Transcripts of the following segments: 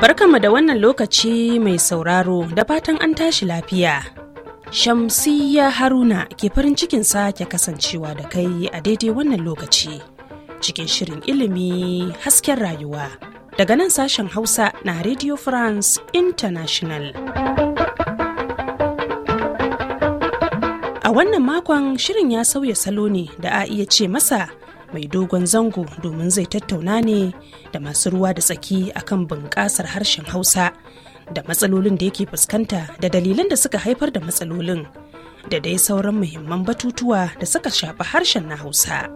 Barkanmu da wannan lokaci mai sauraro da fatan an tashi lafiya. Shamsiyya Haruna ke farin cikin sake kasancewa da kai a daidai wannan lokaci cikin shirin ilimi hasken rayuwa daga nan sashen Hausa na Radio France International. wannan makon shirin ya sauya salo ne da a iya ce masa mai dogon zango domin zai tattauna ne da masu ruwa da tsaki akan bunƙasar harshen hausa da matsalolin da yake fuskanta da dalilan da suka haifar da matsalolin da dai sauran muhimman batutuwa da suka shafi harshen na hausa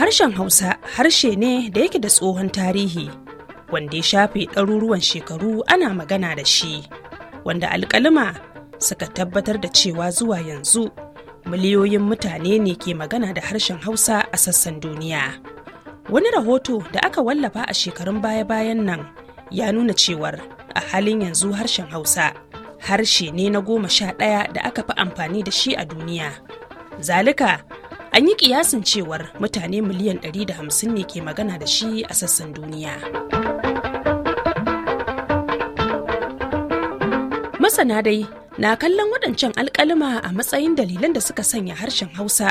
harshen hausa harshe ne da yake da tsohon tarihi wanda ya shafe ɗaruruwan shekaru ana magana da shi wanda alkalima suka tabbatar da cewa zuwa yanzu miliyoyin mutane ne ke magana da harshen hausa a sassan duniya wani rahoto da aka wallafa a shekarun baya-bayan nan ya nuna cewar a halin yanzu harshen hausa harshe ne na goma sha ɗaya da aka fi amfani da shi a duniya zalika an yi kiyasin cewar mutane miliyan 150 ne ke magana da shi a sassan duniya. masana dai na kallon waɗancan alƙalima a matsayin dalilan da suka sanya harshen hausa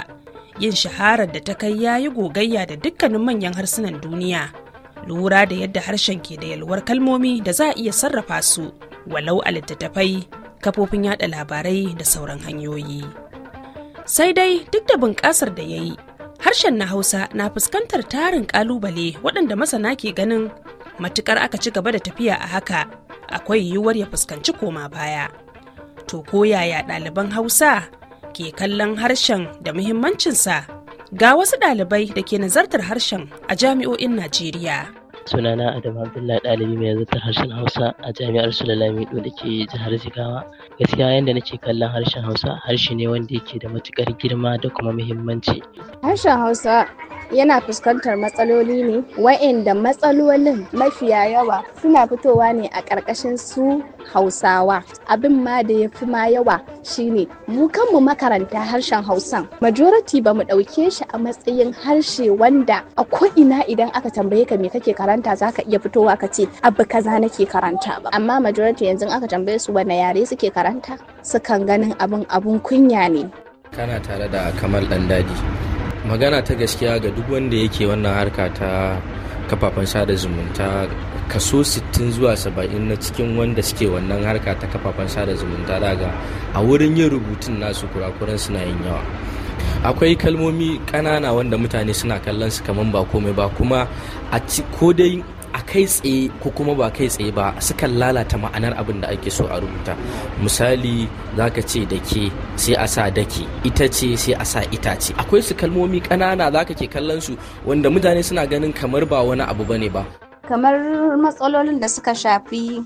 yin shaharar da ta kai ya yi gogayya da dukkanin manyan harsunan duniya lura da yadda harshen ke da yalwar kalmomi da za a iya sarrafa su walau a littattafai kafofin yada labarai da sauran hanyoyi sai dai duk da bunƙasar da ya yi harshen na hausa na fuskantar tarin ƙalubale waɗanda masana ke ganin matukar aka ci gaba da tafiya a haka akwai yiwuwar ya fuskanci koma baya to ko yaya ɗaliban hausa ke kallon harshen da muhimmancinsa ga wasu ɗalibai da ke nazartar harshen a jami'o'in najeriya sunana adamu abdullahi ɗalibi mai zartar harshen hausa a jami'ar sulalamido da ke jihar jigawa gaskiya yadda nake kallon harshen hausa harshe ne wanda yake da matukar girma da kuma muhimmanci harshen hausa yana fuskantar matsaloli ne wa'inda matsalolin mafiya yawa suna fitowa ne a ƙarƙashin su hausawa abin ma da ya fi ma yawa shine mu kanmu makaranta harshen hausan majority ba mu ɗauke shi a matsayin harshe wanda a ko'ina idan aka tambaye ka me kake karanta za ka iya fitowa ka ce abu kaza nake karanta ba amma majority yanzu aka tambaye su wanne yare suke karanta sukan ganin abin abun kunya ne kana tare da kamal dan daji magana ta gaskiya ga duk wanda yake wannan harka ta kafafen sada zumunta kaso 60 zuwa 70 na cikin wanda suke wannan harka ta kafafen sada zumunta daga a wurin yin rubutun nasu kurakuran suna yin yawa akwai kalmomi kanana wanda mutane suna kallon su kamar ba komai ba kuma a ko dai a kai tsaye ko kuma ba kai tsaye ba sukan lalata ma'anar abin da ake so a rubuta misali zaka ce da ke sai a sa dake ita ce sai a sa ita ce. akwai su kalmomi ƙanana zaka ke kallon su wanda mutane suna ganin kamar ba wani abu ba ne ba kamar matsalolin da suka shafi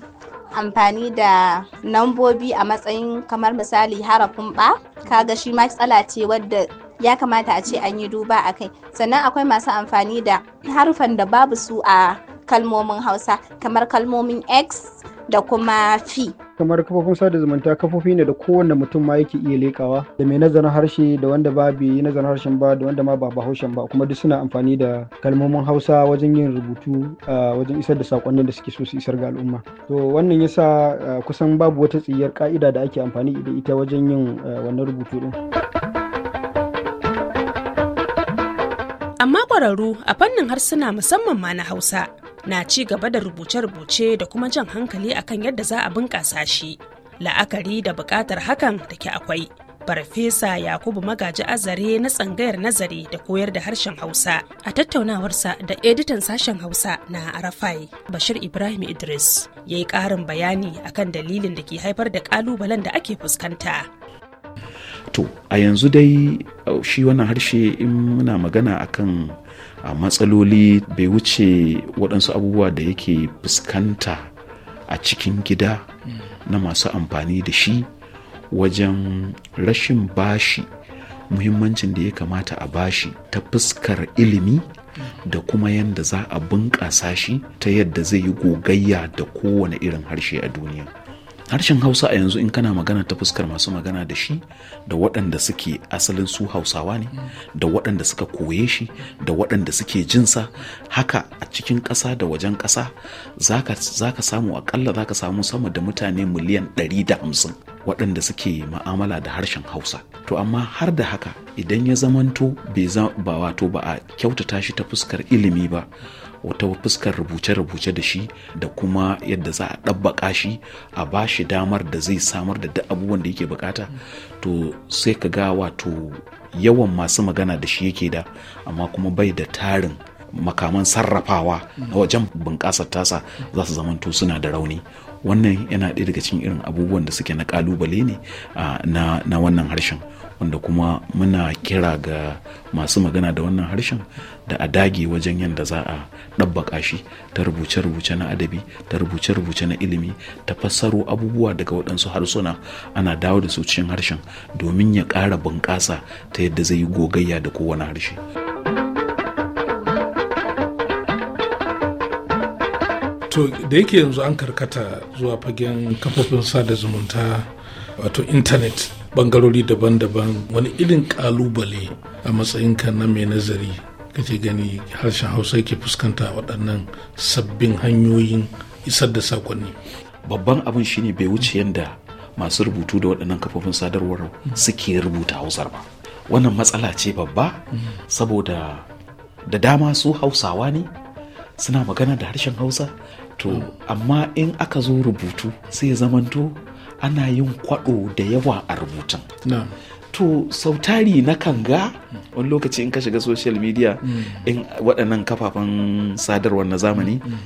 amfani da nambobi a matsayin kamar misali harafin ba kaga shi matsala ce wadda ya kamata a ce an yi duba a kai sannan akwai masu amfani da harufan da babu su a kalmomin hausa kamar kalmomin x da kuma fi kamar kafofin sada zumunta kafofi ne da kowane mutum ma yake iya lekawa da mai nazarin harshe da wanda ba bi nazarin harshen ba da wanda ma ba bahaushen ba kuma duk suna amfani da kalmomin hausa wajen yin rubutu wajen isar da sakonnin da suke so su isar ga al'umma to wannan yasa kusan babu wata tsiyar ka'ida da ake amfani da ita wajen yin wannan rubutu din amma kwararru, a fannin harsuna musamman ma na hausa na ci gaba da rubuce-rubuce da kuma jan hankali akan yadda za a bunƙasa shi la'akari da buƙatar hakan da ke akwai farfesa yakubu magaji azare na tsangayar nazari da koyar da harshen hausa a tattaunawarsa da editan sashen hausa na arafai bashir ibrahim idris ya yi ƙarin bayani akan dalilin da ke haifar da ƙalubalen da ake fuskanta to a yanzu dai uh, shi wannan harshe in muna magana akan a uh, matsaloli bai wuce waɗansu abubuwa da yake fuskanta a cikin gida na masu amfani da shi wajen rashin bashi muhimmancin da ya kamata a bashi ta fuskar ilimi da kuma yadda za a bunƙasa shi ta yadda zai yi gogayya da kowane irin harshe a duniya. harshen hausa a yanzu in kana magana ta fuskar masu magana da shi da waɗanda suke asalin su hausawa ne da waɗanda suka koye shi da waɗanda suke jinsa haka a cikin ƙasa da wajen ƙasa za ka samu akalla za ka samu sama da mutane miliyan ɗari da hamsin waɗanda suke ma'amala da harshen hausa to amma har da haka idan ya zamanto ba wato ba a kyautata shi ta fuskar ilimi ba wata fuskar rubuce-rubuce da shi da kuma yadda za a ɗabbaƙa shi a ba shi damar da zai samar da duk abubuwan da yake bukata to sai ka ga wato yawan masu magana da shi yake da amma kuma bai da tarin makaman sarrafawa na wajen bunƙasar tasa za su zamanto suna da rauni wannan yana ɗaya daga cikin irin abubuwan da suke na kalubale ne na wannan harshen wanda kuma muna kira ga masu magana da wannan harshen da a dage wajen yadda za a ɗabbaka shi ta rubuce-rubuce na adabi ta rubuce-rubuce na ilimi ta fassaro abubuwa daga waɗansu harsuna ana dawo da su cikin harshen domin ya ƙara bunƙasa ta yadda zai yi gogayya da kowane harshe. to da yake yanzu an karkata zuwa fagen kafofin sada zumunta wato intanet bangarori daban-daban wani irin kalubale a matsayinka na mai nazari kake gani harshen hausa yake fuskanta waɗannan sabbin hanyoyin isar da sakonni babban abin shine bai wuce yadda masu rubutu da waɗannan kafofin sadarwar suke rubuta hausar ba wannan matsala ce babba saboda da dama su hausawa ne suna magana da harshen hausa to amma in aka zo rubutu sai zamanto ana yin kwaɗo da yawa a rubutun to sautari na kan ga wani lokaci in ka shiga social media mm. in waɗannan kafafen sadarwar na zamani mm, mm.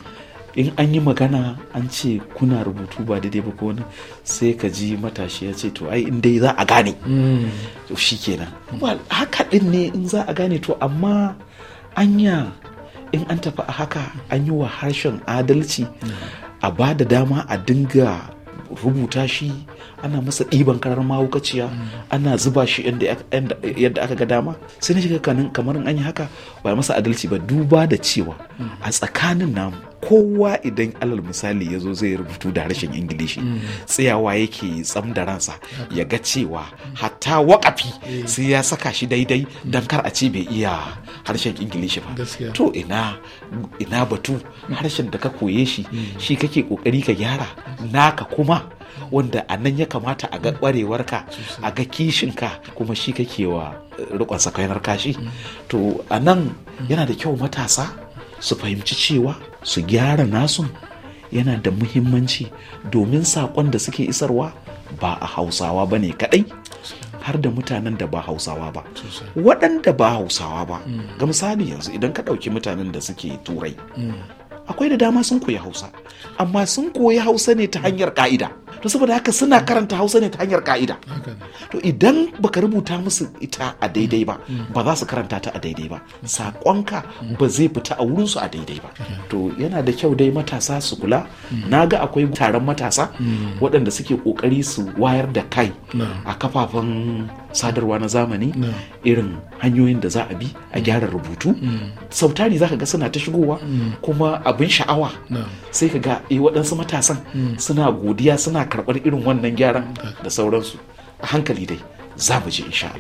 in an yi magana an ce kuna rubutu ba daidai ba ko sai ka ji matashi ya ce to ai in dai za a gane shi kenan haka ɗin ne in za a gane to amma anya in an tafi a haka an yi wa harshen adalci a ba da dama a dinga rubuta shi ana masa ɗiban karar mahaukaciya ana zuba shi yadda aka ga dama sai na shiga kanin kamar an yi haka ba masa adalci ba duba da cewa a tsakanin namu kowa idan alal misali ya zo zai rubutu da harshen ingilishi mm. tsayawa yake tsam da ransa ya ga cewa hatta wakafi eh. sai ya saka shi daidai mm. don kar a ce bai iya harshen ingilishi ba to ina batu mm. harshen da ka koye shi shi kake kokari ka gyara naka kuma wanda a nan ya kamata a ga kwarewarka a ga kishinka kuma shi kake wa eh, rikon sakainar kashi to a nan yana da kyau matasa su fahimci cewa su gyara nasun yana da muhimmanci domin saƙon da suke isarwa ba a hausawa ba ne kaɗai har da mutanen da ba hausawa ba waɗanda ba hausawa ba mm. ga misali yanzu idan ka ɗauki mutanen da suke turai mm. akwai da dama sun koyi hausa amma sun koyi hausa ne ta hanyar ƙa'ida to saboda haka suna mm. karanta hausa ne ta hanyar ka'ida to idan baka rubuta musu ita a daidai ba mm. Mm. ba za su karanta ta a daidai ba saƙonka ba zai fita a wurinsu a daidai ba to yana da kyau dai matasa su kula na ga akwai taron matasa waɗanda suke ƙoƙari su wayar da kai a kafafen sadarwa na zamani irin hanyoyin da za a bi a gyara rubutu mm. Mm. sautari za ka ga suna ta shigowa mm. kuma abin sha'awa sai ka ga eh, waɗansu matasan suna godiya suna karɓar irin wannan gyaran da sauransu a hankali dai za mu ji insha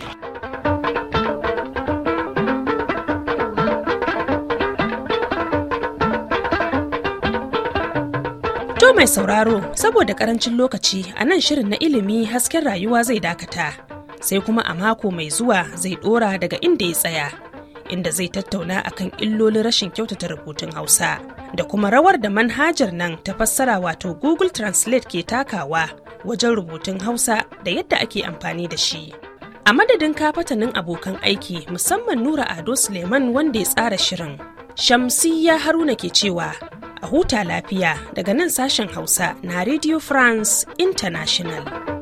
mai sauraro, saboda karancin lokaci a nan shirin na ilimi hasken rayuwa zai dakata. sai kuma a mako mai zuwa zai ɗora daga inda ya tsaya inda zai tattauna akan illolin rashin kyautata rubutun hausa da kuma rawar da manhajar nan ta fassara wato google translate ke takawa wajen rubutun hausa da yadda ake amfani da shi a madadin kafatanin abokan aiki musamman nura ado suleiman wanda ya tsara shirin Shamsi ya haruna ke cewa a huta lafiya daga nan sashen hausa na radio france international